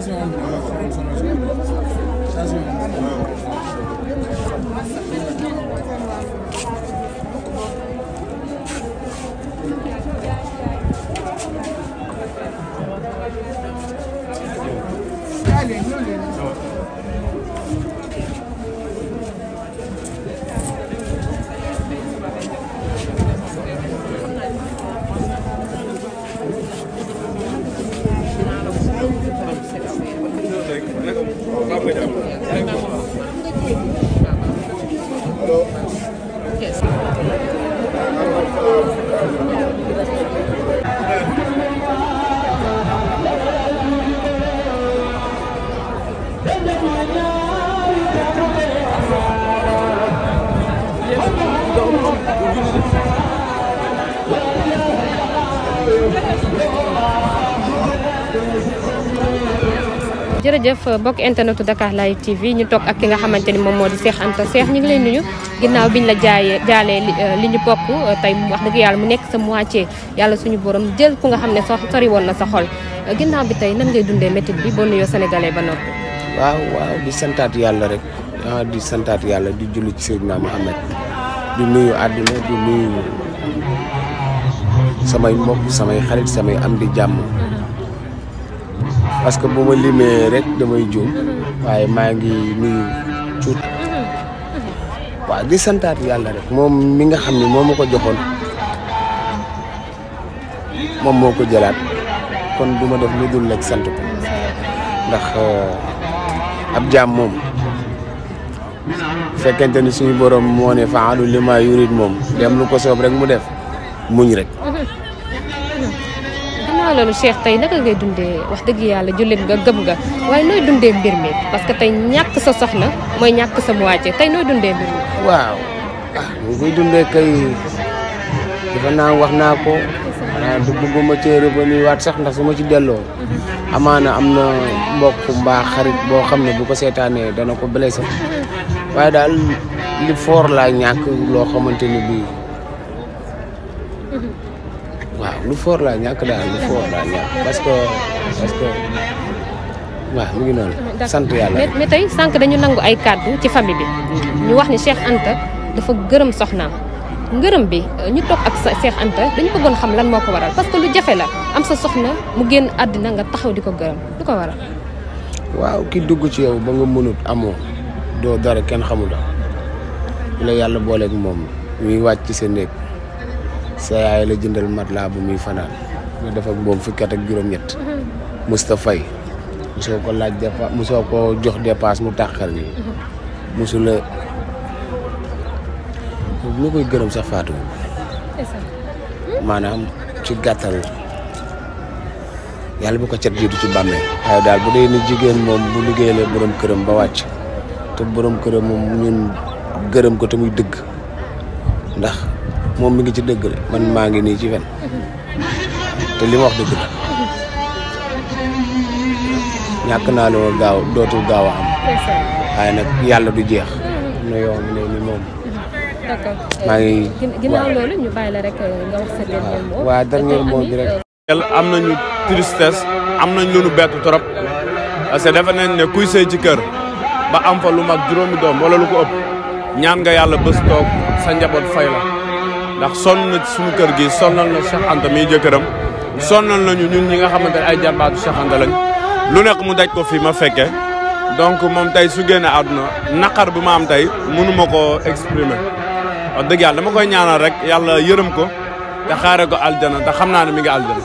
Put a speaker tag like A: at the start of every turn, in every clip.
A: Station
B: jërëjëf bokk internetu Dakar Live TV ñu toog ak ki nga xamante ni moom moo di Cheikh Anta Cheikh ñu ngi lay nuyu ginnaaw bi ñu la jaayee jaalee euh, li ñu bokk euh, tey wax dëgg yàlla mu nekk sa moitié yàlla suñu borom jël ku nga xam ne sax sori woon na sa xol euh, ginnaaw bi tey nan ngay dundee métit bi boo nuyoo sénégalais ba noppi.
A: waaw waaw di santaat yàlla rek ah di santaat yàlla di julli ci Seydina Mohamed di nuyu àdduna di nuyu samay mbokk samay xarit samay am di jàmm. parce que bu ma limee rek damay jóom mhm. waaye maa ngi nuyu cuut
B: mhm.
A: waaw di santaat yàlla rek moom mi nga xam ne moo ma ko joxoon moom moo ko jëlaat kon du ma def lu dul rek sant ko ndax euh, ab jaam moom fekkente ni suñu borom moo ne faalu li ma yurit moom dem lu ko soob rek mu def muñ rek
B: mhm. ginnaaw lu Cheikh tey naka ngay dundee wax dëgg yàlla jullit nga gëm nga waaye nooy dundee mbir mi parce que tey ñàkk sa soxna mooy ñàkk sa moitié tey nooy dundee mbir mi.
A: waaw ah ñu dundee kay dafa naa wax naa ko. waaw du bëgguma cee revenir waat sax ndax su ma ci delloo. amaana am na mbokk mbaa xarit boo xam ne bu ko seetaanee dana ko blessé waaye daal li foor laa ñàkk loo xamante ni bii. lu foor laa ñàkk daal lu fort laa ñàkk parce que parce que waaw mu ngi noonu. sant yàlla mais
B: mais tey sànq dañu nangu ay kàddu ci famille bi. ñu wax ni Cheikh Anta dafa gërëm soxnaam gërëm bi euh, ñu toog ak sa Cheikh Anta dañu bëggoon xam lan moo ko waral parce que lu jafe la am sa soxna mu génn àddina nga taxaw di ko gërëm du ko waral.
A: waaw ki dugg ci yow ba nga mënut amoo doo dara kenn xamul la yàlla booleeg moom ñuy wàcc ci sa néeg. sa yaay la jëndal mat laa bu muy fanaan nga def moom fukki at ak juróom-ñett musta fay mosoo ko laaj dépense mosoo ko jox depaas mu tàqal ni mosu la lu koy gërëm sax faatu maanaam ci gàttal yàlla bu ko cat jiitu ci bàmmeel waaye daal bu dee ni jigéen moom bu liggéeyee borom këram ba wàcc te borom këram moom ñun gërëm ko te muy dëgg ndax moom mi ngi ci dëgg de man maa ngi nii ci fen te li ma wax dëgg la ñàkk naa loo gaaw dootu gaaw a am waaye nag yàlla du jeex na
B: maa ngi euh, ginnaaw loolu ñu bàyyi rek euh,
C: euh, am na tristesse am nañ lu nu bett trop parce que defe nañ ne kuy sëy ci kër ba am fa lu mag juróomi doom wala lu ko ëpp ñaan nga yàlla bés toog sa njaboot fay la ndax sonn na suñu kër gi sonnal na Cheikh Anta miy jëkkëram sonnal nañu ñun ñi nga xamante ne ay jàmbaatu Cheikh Anta lu nekk mu daj ko fi ma fekke donc moom tey su génne àdduna naqar bu ma am tey mënu ma koo exprimer wax dëgg yàlla dama koy ñaanal rek yàlla yërëm ko te xaare ko aljana te xam naa ne mi ngi aljana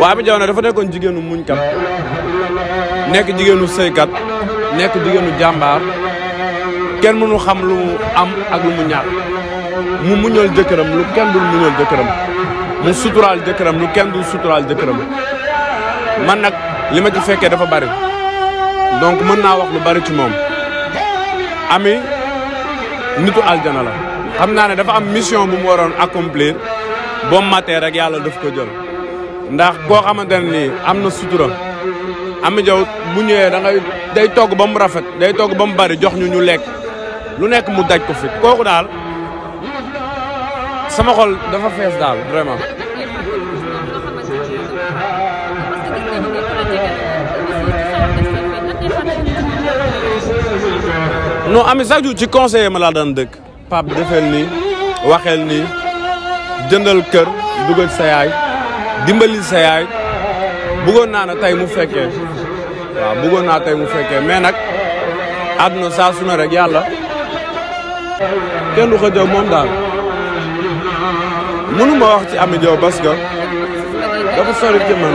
C: waa bi jaw na dafa nekkoon jigéenu muñ kam nekk jigéenu sëykat nekk jigéenu jàmbaar kenn mënu xam lu mu am ak lu mu ñàkk mu muñal jëkkëram lu kenn dul muñal jëkkëram mu suturaal jëkkëram lu kenn dul suturaal jëkkëram man nag li ma ci fekkee dafa bari donc mën naa wax lu bari ci moom ami nitu aljana la xam naa ne dafa am mission bu mu waroon accomplir boo matee rek yàlla daf ko jël ndax koo xamante nii am na sutura Ami Jaw mu ñëwee da day togg ba mu rafet day togg ba mu bari jox ñu ñu lekk lu nekk mu daj ko fi kooku daal sama xol dafa fees daal vraiment. noo Ami chaque ci conseiller ma laa daan dëkk. Pape defeel nii waxeel nii jëndal kër dugal sa yaay dimbali sa yaay. buggoon naa ne tey mu fekkee waaw bëggoon naa tey mu fekkee mais nag àdduna saa su ne yàlla kenn du xëjoo moom daal mënu wax ci Amy Diaw parce que dafa sori ci man